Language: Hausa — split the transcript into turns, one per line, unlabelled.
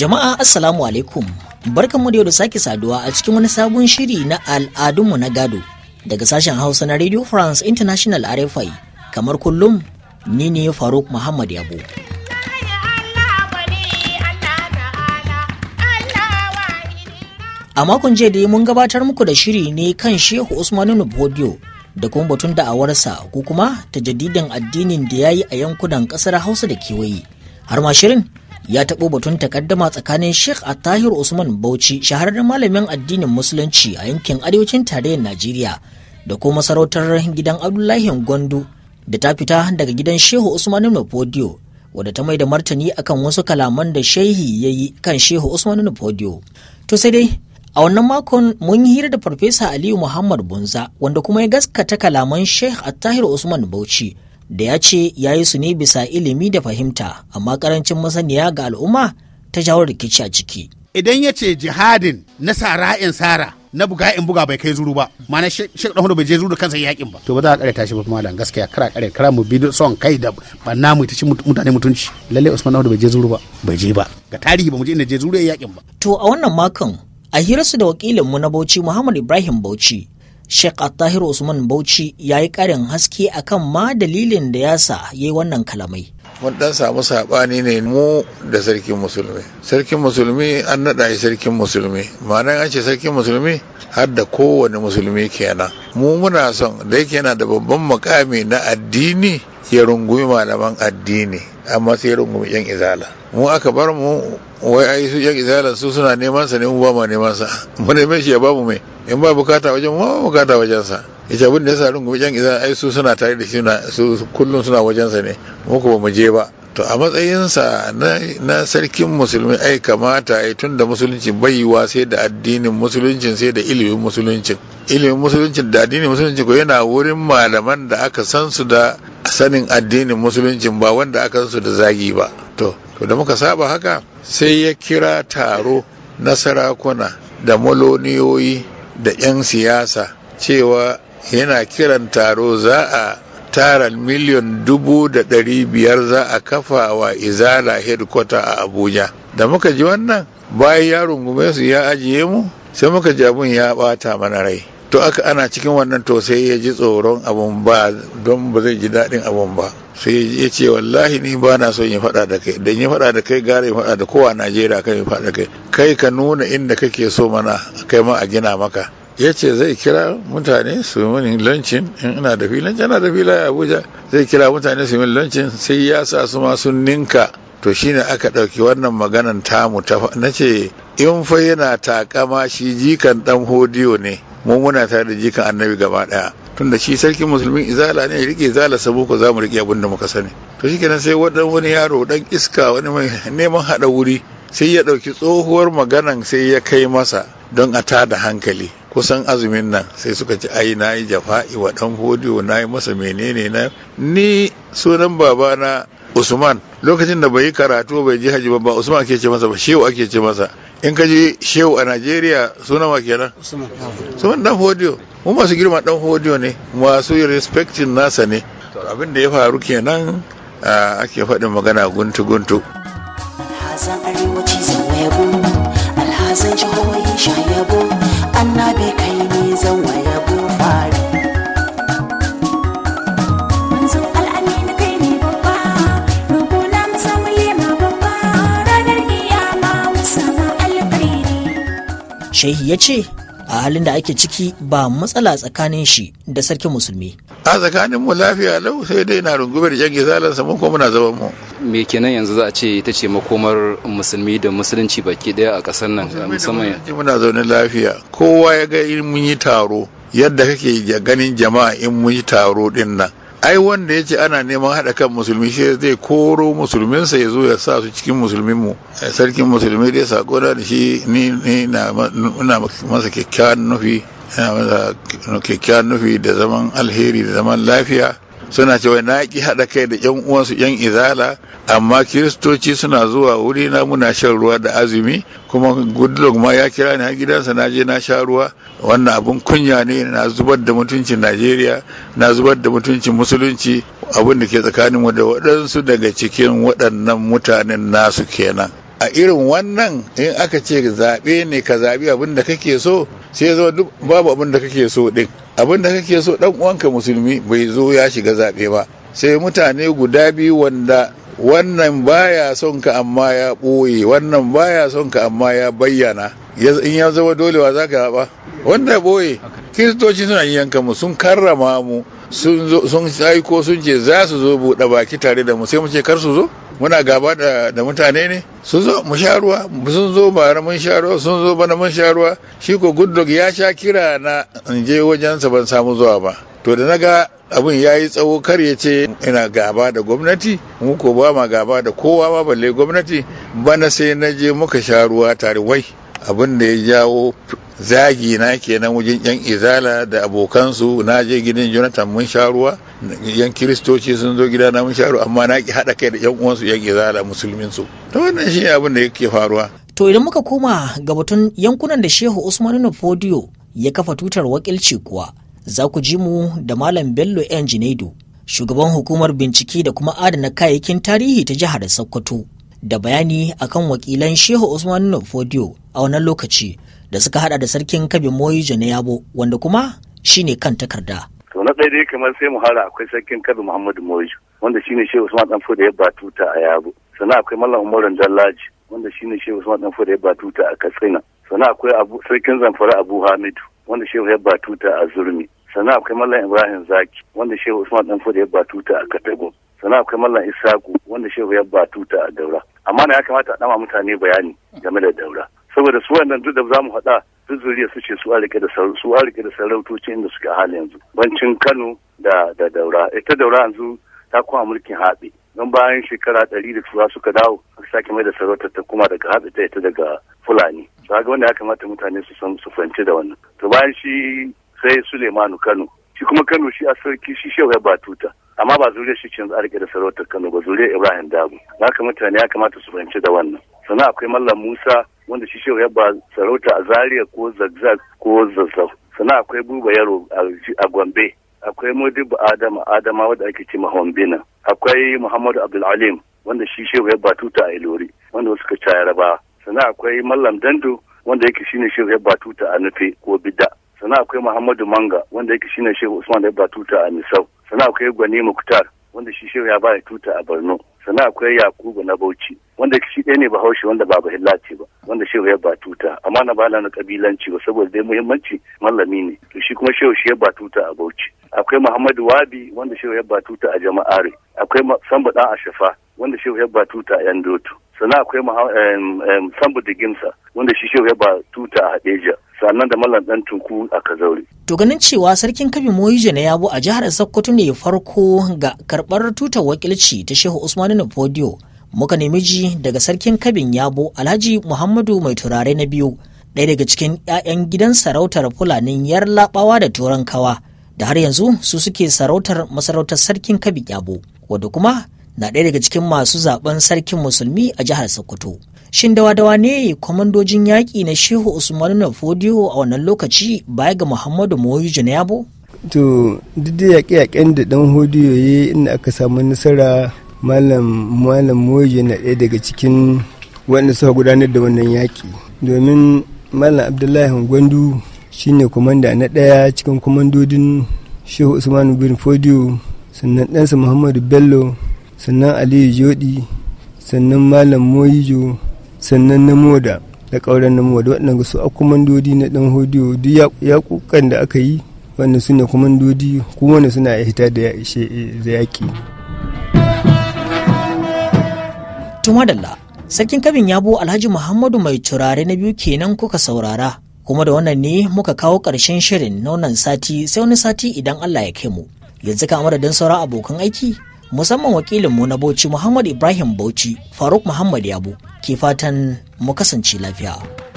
Jama'a Assalamu alaikum barkanmu da yau da sake saduwa a cikin wani sabon shiri na al'adunmu na gado daga sashen Hausa na Radio France International RFI kamar kullum ni ne Faruk Muhammad Yabo. A makon jiya dai mun gabatar muku da shiri ne kan Shehu Usmanu Nubodiyo da kuma batun da'awarsa ko kuma ta jadidin addinin da ya yi a yankunan ƙasar Hausa da kewaye. Har ma shirin ya taɓo batun takaddama tsakanin sheikh attahir usman bauchi shahararren malamin addinin musulunci a yankin arewacin tarayyar najeriya da kuma masarautar gidan abdullahi gwandu da ta fita daga gidan shehu usman nufodiyo wadda ta mai da martani akan wasu kalaman da shehi ya yi kan shehu usman nufodiyo to sai dai a wannan makon mun hira da farfesa aliyu muhammad bunza wanda kuma ya gaskata kalaman sheikh attahir usman bauchi da ya ce ya yi su ne bisa ilimi da fahimta amma karancin masaniya ga al'umma ta jawo rikici a ciki. Idan ya ce jihadin na sara in
sara na buga in buga bai kai zuru ba mana shek dan bai je zuru kansa yakin ba to ba za a kare tashi ba malam gaskiya kara kare kara mu bi son kai da banna mu ci mutane mutunci lalle Usman dan bai je zuru
ba bai je ba ga tarihi ba mu je inda je zuru yakin ba to a wannan makon a hirarsu da wakilin mu na Bauchi Muhammad Ibrahim Bauchi Sheikh attahir Usman Bauchi ya yi karin haske akan ma dalilin da ya sa ya yi wannan kalamai.
mun dan samu saɓani ne mu da sarkin musulmi sarkin musulmi an naɗa shi sarkin musulmi ma'anar an ce sarkin musulmi har da kowane musulmi kenan mu muna son da yake yana da babban makami na addini ya rungumi malaman addini amma sai ya rungumi yan izala mu aka bar mu wai ai su yan izala su suna neman sa ne mu ba mu neman sa mu neme shi ya babu mai in ba bukata wajen mu ba bukata wajen sa yace abin da yasa rungumi yan izala ai su suna tare da shi su kullun suna wajen sa ne mu ko ba mu je ba to a matsayinsa na sarkin musulmi ai kamata ai tunda da musulunci baiwa sai da addinin musuluncin sai da ilimin musuluncin ilimin musuluncin da addinin musuluncin ko yana wurin malaman da aka san su da sanin addinin musuluncin ba wanda aka su da zagi ba to da muka saba haka sai ya kira taro na sarakuna da maloniyoyi da 'yan siyasa cewa yana kiran taro za a tara miliyan dubu da ɗari biyar za a kafa wa izala headquarter a abuja da muka ji wannan bayan ya rungume su ya ajiye mu sai muka ji abun ya ɓata mana rai to aka ana cikin wannan to sai ya ji tsoron abun ba don ba zai ji daɗin abun ba sai ya ce wallahi ni ba na son ya faɗa da kai da yi faɗa da kai gara yi faɗa da kowa najeriya kan yi faɗa da kai kai ka nuna inda kake so mana kai ma a gina maka ya ce zai kira mutane su mini lancin in ina da filin da fila a abuja zai kira mutane su mini lancin sai ya sa su ma sun ninka to shine aka ɗauki wannan maganan tamu ta na ce in fa yana takama shi jikan ɗan hodiyo ne mu muna tare da jikan annabi gaba daya tunda shi sarkin musulmin izala ne rike izala sabo ko zamu rike abin da muka sani to shikenan sai wadan wani yaro dan iska wani mai neman hada wuri sai ya dauki tsohuwar maganan sai ya kai masa don a da hankali kusan azumin nan sai suka ci ai na yi jafa'i wa dan hodiyo na yi masa menene na ni sunan babana Usman lokacin da bai karatu bai ji haji ba Usman ake ce masa ba shehu ake ce masa in ka je shehu a najeriya suna wa kenan sunan dan hodiyo mu masu girma dan hodiyo ne masu respectin nasa ne abin da ya faru kenan ake faɗin magana guntu guntu
alhazan arewaci alhazan jihohi annabi ce ya ce a halin da ake ciki ba matsala tsakanin shi da sarkin musulmi a tsakanin mu
lafiya lau sai dai na rungume da jan gizalan sa kuma muna zaman mu me kenan yanzu za a ce ita ce makomar musulmi da musulunci baki daya a ƙasar nan musamman muna zaune lafiya kowa ya ga in mun yi taro yadda kake ganin jama'a in mun yi taro din nan ai wanda ya ce ana neman haɗa kan musulmi shi zai koro musulminsa ya zo ya sa su cikin musulmin mu sarkin musulmi dai sako da shi ni na masa kyakkyawan nufi da zaman alheri da zaman lafiya suna cewa na ki haɗa kai da yan uwansu yan izala amma kiristoci suna zuwa wuri na muna shan ruwa da azumi kuma goodluck ma ya kira ni har gidansa na je na sha ruwa wannan abun kunya ne na zubar da mutuncin najeriya na zubar da mutuncin musulunci abin da ke tsakaninmu da waɗansu daga cikin waɗannan mutanen nasu kenan a irin wannan in aka ce zaɓe ne ka zaɓi abin da kake so sai zama duk babu abin da kake so ɗin abin da kake so ɗan uwanka musulmi bai zo ya shiga zaɓe ba sai mutane guda biyu wanda wannan baya son ka amma ya ɓoye wannan baya son ka amma ya bayyana in ya zama dolewa za ka zaɓa wanda ya ɓoye kiristoci suna yanka mu sun karrama mu sun zo sun aiko sun ce za su zo buɗe baki tare da mu sai mu ce kar su zo muna gaba da mutane ne sun zo mu sha ruwa sun zo na mun sha ruwa sun zo bana mun sha ruwa shi ko goodluck ya sha kira na in je wajensa ban samu zuwa ba to da na ga abin ya yi tsawo kar ya ce ina gaba da gwamnati mu ko ba ma gaba da kowa ba balle gwamnati bana sai na je muka sha ruwa tare wai abin da ya jawo zagi na kenan wajen yan izala da abokansu na je gidan jonathan mun sha ruwa yan kiristoci sun zo gida na mun sharuwa amma na ki haɗa kai da yan uwansu yan izala musulmin su to wannan shi abin da yake faruwa
to idan muka koma ga batun yankunan da shehu usman nufodiyo ya kafa tutar wakilci kuwa za ku ji mu da malam bello yan shugaban hukumar bincike da kuma adana kayayyakin tarihi ta jihar sokoto da bayani akan wakilan shehu usman fodio a wannan lokaci da suka hada da sarkin kabin moyi na yabo wanda kuma shine kan takarda
to na ɗaya dai kamar sai mu hara akwai sarkin kabin muhammadu Moyi wanda shine shehu usman dan fodio ya batuta a yabo sannan akwai mallam Umaru dallaji wanda shine shehu usman dan fodio ya batuta a katsina sannan akwai sarkin zamfara abu hamidu wanda shehu ya batuta a zurmi sannan akwai mallam ibrahim zaki wanda shehu usman dan fodio ya batuta a katagun sana akwai mallan isaku wanda shehu ya ba tuta a daura amma na ya kamata a dama mutane bayani game da daura saboda su wannan duk da za mu haɗa duk zuriya su ce su a rike da su a rike da sarautoci inda suke hali yanzu bancin kano da da daura ita daura yanzu ta kuma mulkin haɓe don bayan shekara ɗari da tura suka dawo aka sake mai da sarautar ta kuma daga haɓe ta ita daga fulani to ga wanda ya kamata mutane su san su fahimci da wannan to bayan shi sai sulemanu kano shi kuma kano shi a sarki shi shehu ya batuta amma ba zuriyar shi cin a da sarautar kano ba zuriyar ibrahim dagu haka mutane ya kamata su fahimci da wannan sannan akwai mallam musa wanda shi shehu ya ba sarauta a zaria ko zagzag ko zazzau sannan akwai buba yaro a gombe akwai modibu adama adama wanda ake ce mahombina akwai muhammadu abdulalim wanda shi shehu ya batuta a ilori wanda wasu ka ca yarabawa sannan akwai mallam dando wanda yake shine shehu ya batuta a nufe ko bida sannan akwai muhammadu manga wanda yake shine shehu usman da ba tuta a misau sannan akwai gwani muktar wanda shi shehu ya ba tuta a borno sannan akwai yakubu na bauchi wanda shi ɗaya ne bahaushe wanda ba bahilla ce ba wanda shehu ya ba tuta amma na bala na kabilanci ba saboda dai muhimmanci mallami ne to shi kuma shehu shi ya ba tuta a bauchi akwai muhammadu wabi wanda shehu ya ba tuta a jama'are akwai samba dan ashafa wanda shehu ya ba tuta a yandoto sannan akwai sambu da gimsa wanda shi shehu ya ba tuta a hadeja sannan da mallam dan tunku a kazaure.
to ganin cewa sarkin kabi moyi na yabo a jihar sokoto ne farko ga karbar tutar wakilci ta shehu usmanu na podio muka nemi ji daga sarkin kabin yabo alhaji muhammadu mai turare na biyu ɗaya daga cikin 'ya'yan gidan sarautar fulanin labawa da turankawa da har yanzu su suke sarautar masarautar sarkin kabi yabo wadda kuma na ɗaya daga cikin masu zaben sarkin musulmi a jihar Sokoto. Shin dawa-dawa ne kwamandojin yaƙi na Shehu usman na Fodiyo a wannan lokaci baya ga Muhammadu Moyi Junayabo? To, duk da yaƙe-yaƙen da ɗan Hodiyo ya inda aka samu nasara Malam Malam Moyi na ɗaya daga cikin
wanda suka gudanar da wannan yaƙi. Domin Malam Abdullahi Gwandu shine kwamanda na ɗaya cikin kwamandodin Shehu usman bin Fodiyo sannan ɗansa Muhammadu Bello sannan aliyu jodi sannan malam moyijo sannan na moda da kauran na moda ga su a na dan hodiyo duk yaƙuƙan da aka yi wanda su ne kumandodi kuma wanda suna hita da
yaƙi. tuma dalla sarkin kabin ya yabo alhaji muhammadu mai turare na biyu kenan kuka saurara kuma da wannan ne muka kawo ƙarshen shirin na wannan sati sai wani sati idan allah ya kai mu yanzu ka madadin sauran abokan aiki musamman wakilinmu na Bauchi Muhammad Ibrahim Bauchi Faruk Muhammad Yabo ke fatan mu kasance lafiya.